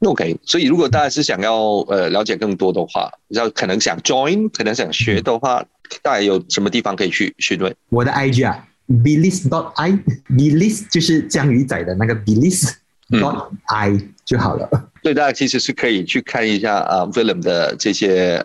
OK，所以如果大家是想要，呃，了解更多的話，然可能想 join，可能想學的話，嗯，大家有什麼地方可以去詢問？我的 IG 啊 b e l l i s dot i b e l l i s 就是江魚仔的那個 b e l l i s dot i 就好了。所以大家其實是可以去看一下啊，uh，William 的這些。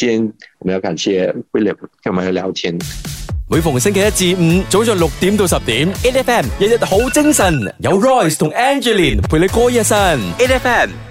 先，我們要感謝 William 同我哋聊天。每逢星期一至五，早上六點到十點，AFM 日日好精神，有 Royce 同 Angeline 陪你過一生，AFM。